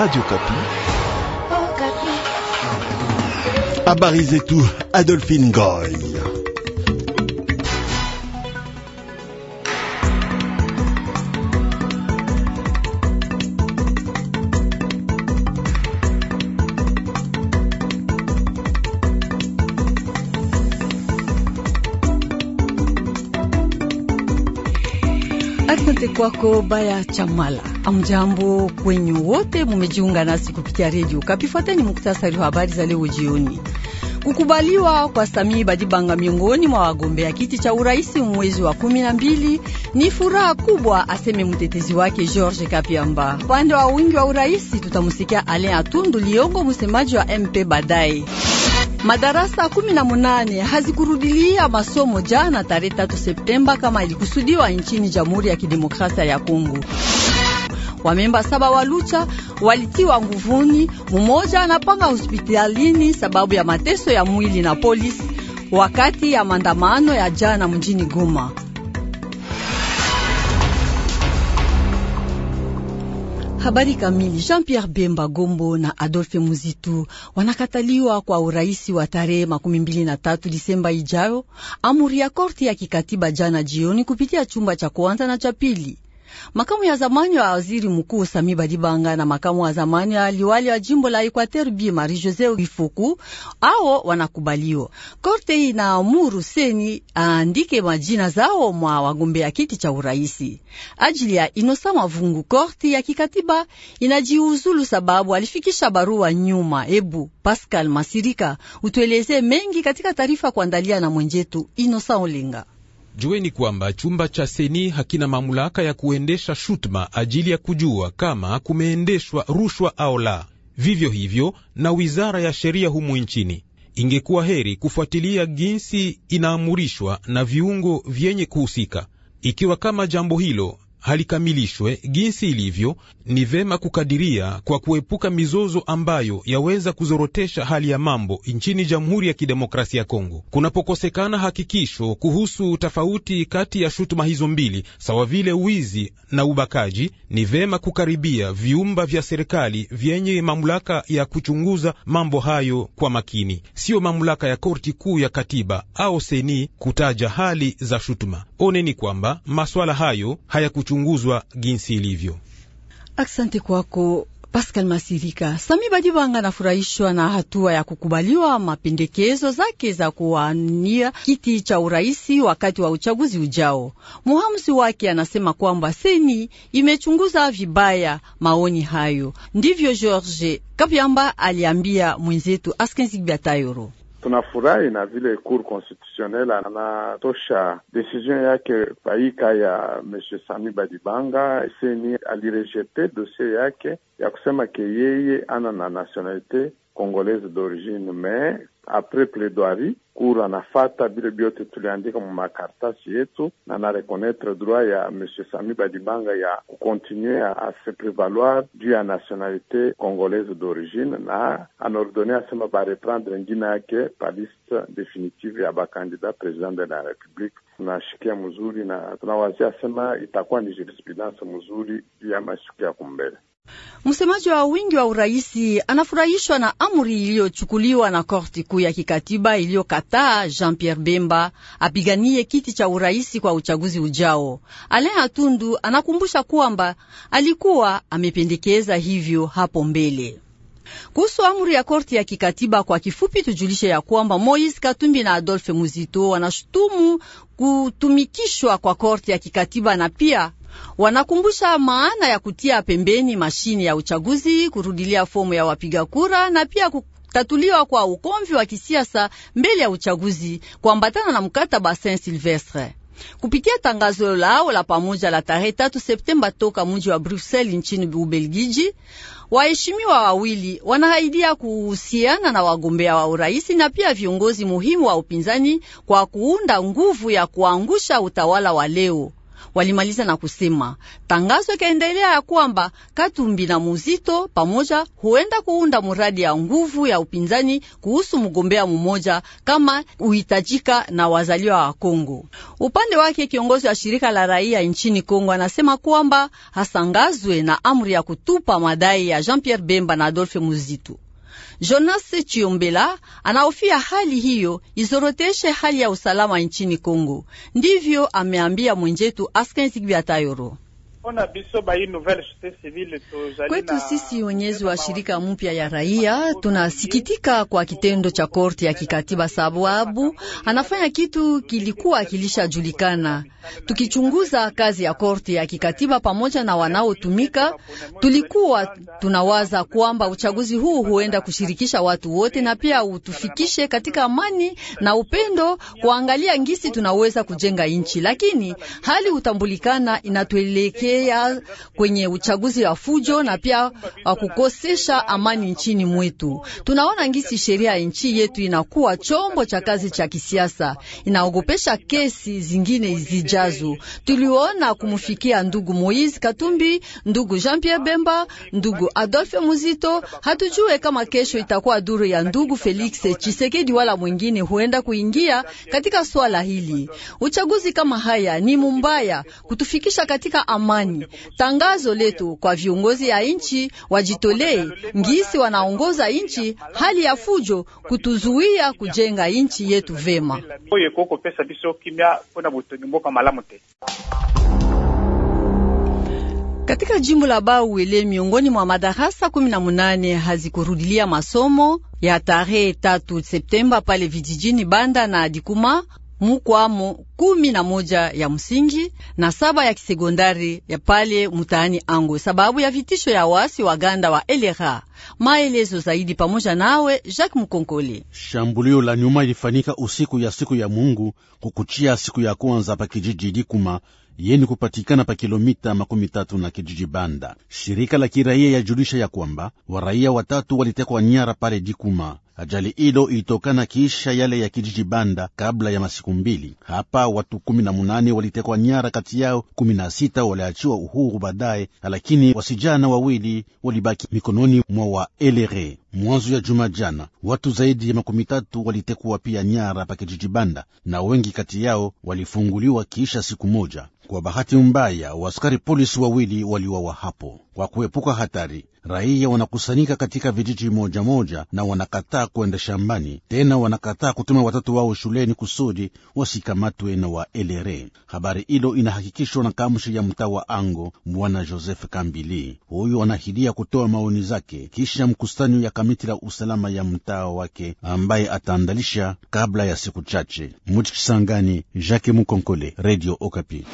Radio Kapi. Habari oh, zetu Adolphine Goy. Asante kwako Baya Chamala. Amjambo kwenyu wote mumejiunga nasi kupitia redio Kapifateni muktasari wa habari za leo jioni. Kukubaliwa kwa samii Badibanga miongoni mwa wagombea kiti cha uraisi mwezi wa kumi na mbili ni furaha kubwa, aseme mtetezi wake George Kapiamba. Upande wa wingi wa uraisi tutamusikia Alain Atundu Liongo, msemaji wa MP baadaye. Madarasa kumi na munane hazikurudilia masomo jana tarehe tatu Septemba kama ilikusudiwa nchini Jamhuri ya Kidemokrasia ya Kongo. Wamemba saba wa Lucha walitiwa nguvuni, mmoja anapanga hospitalini sababu ya mateso ya mwili na polisi wakati ya maandamano ya jana mjini Goma. Habari kamili. Jean-Pierre Bemba Gombo na Adolphe Muzitu wanakataliwa kwa uraisi wa tarehe makumi mbili na tatu Disemba ijayo, amuri ya korti ya kikatiba jana jioni kupitia chumba cha kwanza na cha pili Makamu ya zamani wa waziri mkuu Sami Badibanga na makamu wa zamani wa liwali wa jimbo la Equateur Bi Mari Jose Ifuku ao wanakubaliwa. Korte hii inaamuru seni aandike majina zao mwa wagombea kiti cha uraisi. Ajili ya Inosa Mavungu, korte ya kikatiba inajiuzulu sababu alifikisha barua nyuma. Ebu Pascal Masirika utueleze mengi katika taarifa kuandalia na mwenjetu Inosa olinga Jueni kwamba chumba cha seni hakina mamlaka ya kuendesha shutuma ajili ya kujua kama kumeendeshwa rushwa au la. Vivyo hivyo na wizara ya sheria humu nchini. Ingekuwa heri kufuatilia jinsi inaamurishwa na viungo vyenye kuhusika, ikiwa kama jambo hilo halikamilishwe jinsi ilivyo, ni vema kukadiria kwa kuepuka mizozo ambayo yaweza kuzorotesha hali ya mambo nchini Jamhuri ya Kidemokrasia ya Kongo, kunapokosekana hakikisho kuhusu tofauti kati ya shutuma hizo mbili, sawa vile wizi na ubakaji. Ni vema kukaribia viumba vya serikali vyenye mamlaka ya kuchunguza mambo hayo kwa makini, siyo mamlaka ya korti kuu ya katiba au seni kutaja hali za shutuma. Oneni kwamba maswala hayo hayaku kuchunguzwa jinsi ilivyo. Asante kwako Pascal Masirika. Sami Badibanga anafurahishwa na hatua ya kukubaliwa mapendekezo zake za kuwania kiti cha uraisi wakati wa uchaguzi ujao. Muhamuzi wake anasema kwamba seni imechunguza vibaya maoni hayo. Ndivyo George kapyamba aliambia mwenzetu Askenzi tunafurahi na vile Cour constitutionnelle anatosha decision yake paika ya Monsieur Sami Badibanga seni alirejete dossier yake ya kusema ke yeye ana na nationalité congolaise d'origine mais apres plaidoirie kura anafata bile biote tuliandika mu makartasi yetu, na narekonetre droit ya Monsieur Sami Badibanga ya kukontinue a se prevaloir juu ya nationalité congolaise d'origine, na anaordone asema bareprendre ngina yake pa liste definitive ya bakandidat president de la republique. Tunashikia mzuri na tunawazia asema itakuwa ni jurisprudence mzuri juu ya masiku ya kumbele. Msemaji wa wingi wa uraisi anafurahishwa na amri iliyochukuliwa na korti kuu ya kikatiba iliyokataa Jean Pierre Bemba apiganie kiti cha uraisi kwa uchaguzi ujao. Alain Atundu anakumbusha kwamba alikuwa amependekeza hivyo hapo mbele. Kuhusu amri ya korti ya kikatiba, kwa kifupi tujulishe ya kwamba Moise Katumbi na Adolphe Muzito wanashutumu kutumikishwa kwa korti ya kikatiba na pia wanakumbusha maana ya kutia pembeni mashini ya uchaguzi, kurudilia fomu ya wapiga kura na pia kutatuliwa kwa ukomvi wa kisiasa mbele ya uchaguzi kuambatana na mkataba Saint Silvestre kupitia tangazo lao la pamoja la tarehe tatu Septemba toka mji wa Bruxelles nchini Ubelgiji. Waheshimiwa wawili wanahaidia kuhusiana na wagombea wa urais na pia viongozi muhimu wa upinzani kwa kuunda nguvu ya kuangusha utawala wa leo walimaliza na kusema tangazo kaendelea ya kwamba Katumbi na Muzito pamoja huenda kuunda muradi ya nguvu ya upinzani kuhusu mgombea mumoja kama uhitajika na wazaliwa wa Kongo. Upande wake kiongozi wa shirika la raia nchini Kongo anasema kwamba hasangazwe na amri ya kutupa madai ya Jean-Pierre Bemba na Adolphe Muzito. Jonas Chiombela anaofia hali hiyo izoroteshe hali ya usalama nchini Kongo. Ndivyo ameambia mwenjetu Askensigbia Tayoro. Kwetu sisi wenyezi wa shirika mpya ya raia tunasikitika kwa kitendo cha korti ya kikatiba, sababu anafanya kitu kilikuwa kilishajulikana. Tukichunguza kazi ya korti ya kikatiba pamoja na wanaotumika, tulikuwa tunawaza kwamba uchaguzi huu huenda kushirikisha watu wote na pia utufikishe katika amani na upendo, kuangalia ngisi tunaweza kujenga nchi, lakini hali utambulikana inatuelekea kuchochea kwenye uchaguzi wa fujo na pia wa kukosesha amani nchini mwetu. Tunaona ngisi sheria ya nchi yetu inakuwa chombo cha kazi cha kisiasa, inaogopesha kesi zingine zijazo. Tuliona kumfikia ndugu Moise Katumbi, ndugu Jean Pierre Bemba, ndugu Adolphe Muzito. Hatujue kama kesho itakuwa duru ya ndugu Felix Chisekedi wala mwingine huenda kuingia katika swala hili. Uchaguzi kama haya ni mumbaya kutufikisha katika amani amani. Tangazo letu kwa viongozi ya nchi wajitolee ngisi wanaongoza nchi hali ya fujo kutuzuia kujenga nchi yetu vema. Katika jimbo la Bauele miongoni mwa madarasa 18 hazikurudilia masomo ya tarehe 3 Septemba pale vijijini Banda na Dikuma mukwamo kumi na moja ya msingi na saba ya kisekondari ya pale mutaani Angwe sababu ya vitisho ya wasi wa ganda wa elera. Maelezo zaidi pamoja nawe Jacques Mukonkoli. Shambulio la nyuma ilifanyika usiku ya siku ya Mungu kukuchia siku ya kwanza pa kijiji Likuma yeni kupatikana pa kilomita makumi tatu na kijiji Banda. Shirika la kiraia yajulisha ya kwamba waraia watatu walitekwa nyara pale Jikuma. Ajali hilo ilitokana kisha yale ya kijiji Banda kabla ya masiku mbili. Hapa watu kumi na munane walitekwa nyara, kati yao kumi na sita waliachiwa uhuru baadaye, lakini wasijana wawili walibaki mikononi mwa wa elere Mwanzo ya juma jana watu zaidi ya makumi tatu walitekwa pia nyara pa kijiji Banda, na wengi kati yao walifunguliwa kisha siku moja. Kwa bahati mbaya, waskari polisi wawili waliwawa hapo. Kwa kuepuka hatari, raia wanakusanyika katika vijiji moja moja, na wanakataa kwenda shambani tena, wanakataa kutuma watoto wao shuleni kusudi wasikamatwe na wa elere. Habari hilo inahakikishwa na kamshi ya mtaa wa Ango, Bwana Joseph Kambili. Huyu anahidia kutoa maoni zake kisha mkusanyo ya kamiti la usalama ya mtaa wake ambaye ataandalisha kabla ya siku chache. Mujikisangani, Jacques Mukonkole, Radio Okapi.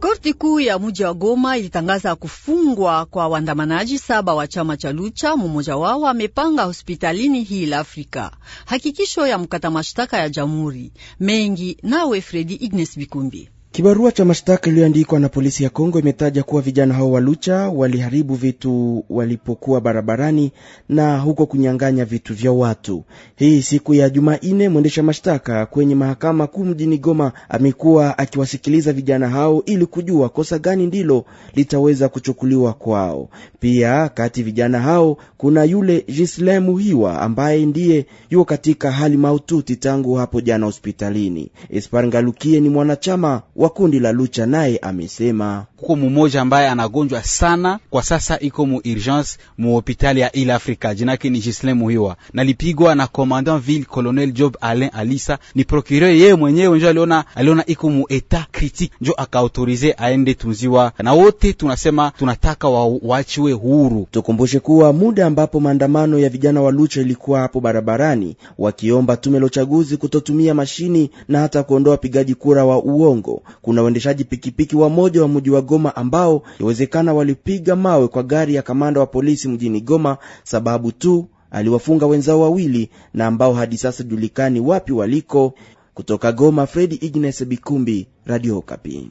Korti kuu ya muji wa Goma ilitangaza kufungwa kwa waandamanaji saba wa chama cha Lucha, mmoja wao amepanga hospitalini hii la Afrika. Hakikisho ya mkata mashtaka ya jamhuri mengi nawe Fredi Ignes Bikumbi. Kibarua cha mashtaka iliyoandikwa na polisi ya Kongo imetaja kuwa vijana hao wa Lucha waliharibu vitu walipokuwa barabarani na huko kunyang'anya vitu vya watu. Hii siku ya Jumanne, mwendesha mashtaka kwenye mahakama kuu mjini Goma amekuwa akiwasikiliza vijana hao ili kujua kosa gani ndilo litaweza kuchukuliwa kwao. Pia kati vijana hao kuna yule Gisle Muhiwa ambaye ndiye yuko katika hali mahututi tangu hapo jana hospitalini. Esparngalukie ni mwanachama wa wa kundi la Lucha naye amesema kuko mumoja ambaye anagonjwa sana kwa sasa, iko mu urgence mu hopitali ya Il Africa, jinake ni Gislin Muhiwa, nalipigwa na commandant ville colonel Job Alain Alisa, ni procureur yeye mwenyewe njo aliona, aliona iko mu etat critique, njo akaautorize aende Tunziwa, na wote tunasema tunataka wa, waachiwe huru. Tukumbushe kuwa muda ambapo maandamano ya vijana wa Lucha ilikuwa hapo barabarani wakiomba tume la uchaguzi kutotumia mashini na hata kuondoa wapigaji kura wa uongo, kuna uendeshaji pikipiki wa moja wa mji wa Goma ambao yawezekana walipiga mawe kwa gari ya kamanda wa polisi mjini Goma sababu tu aliwafunga wenzao wawili na ambao hadi sasa julikani wapi waliko. Kutoka Goma, Fredi Ignace Bikumbi, Radio Okapi.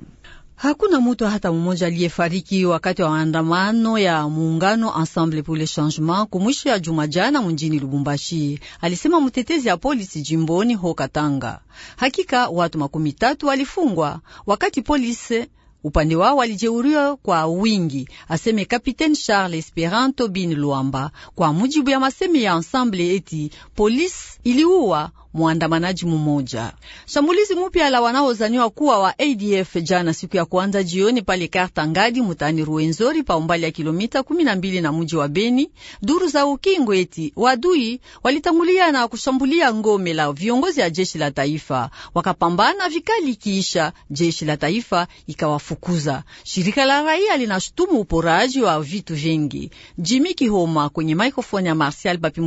Hakuna mutu hata mmoja aliyefariki wakati wa maandamano ya muungano Ensemble pour le Changement kumwisho ya juma jana mjini Lubumbashi, alisema mtetezi ya polisi jimboni ho Katanga. Hakika watu makumi tatu walifungwa wakati polisi Upande wao walijeuriwa kwa wingi, aseme Kapiteni Charles Esperanto Bin Luamba, kwa mujibu ya masemi ya ensemble eti polisi iliua mwandamanaji mmoja. Shambulizi mupya la wanaozaniwa kuwa wa ADF jana siku ya kwanza jioni pale Karta Ngadi mutani Ruenzori pa umbali ya kilomita 12 na muji wa Beni. Duru za ukingo eti wadui walitangulia na kushambulia ngome la viongozi ya jeshi la taifa, wakapambana vikali, kiisha jeshi la taifa ikawafukuza. Shirika la raia linashutumu uporaji wa vitu vingi. Jimmy Kihoma kwenye mikrofoni ya Marsial Papi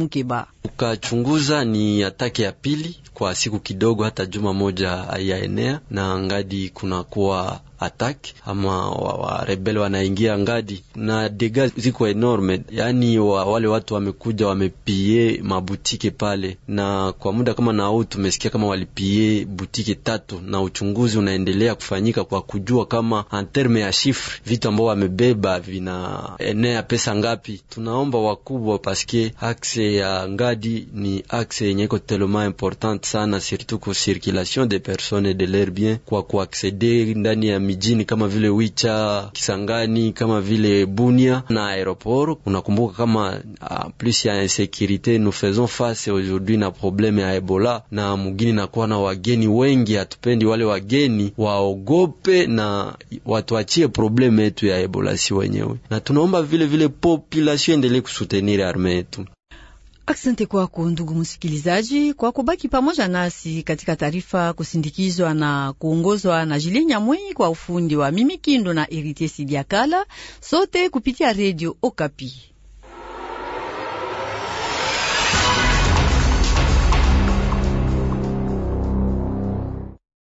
Ukachunguza ni atake ya pili mbili kwa siku kidogo, hata juma moja haiyaenea na ngadi kunakuwa attack ama warebele wa wanaingia ngadi na dega ziko enorme, yaani wa, wale watu wamekuja wamepie mabutike pale, na kwa muda kama nao tumesikia kama walipie butike tatu, na uchunguzi unaendelea kufanyika kwa kujua kama en terme ya shifre vitu ambao wamebeba vina enea pesa ngapi. Tunaomba wakubwa paske akse ya ngadi ni akse yenye iko telema importante sana, surtout ku circulation de personnes et de leur bien, kwa kuaksede ndani ya mijini kama vile Wicha, Kisangani, kama vile Bunia na aeroport. Unakumbuka kama uh, plus ya insécurité nous faisons face aujourd'hui na probleme ya Ebola na mugini nakuwa na wageni wengi, hatupendi wale wageni waogope na watuachie probleme yetu ya Ebola si wenyewe, na tunaomba vile vile population endelee kusutenir arme yetu. Asante kwako ndugu msikilizaji kwa kubaki pamoja nasi katika taarifa kusindikizwa na kuongozwa na Jili Nyamwei kwa ufundi wa Mimikindo na Eritie Sidiakala sote kupitia Redio Okapi.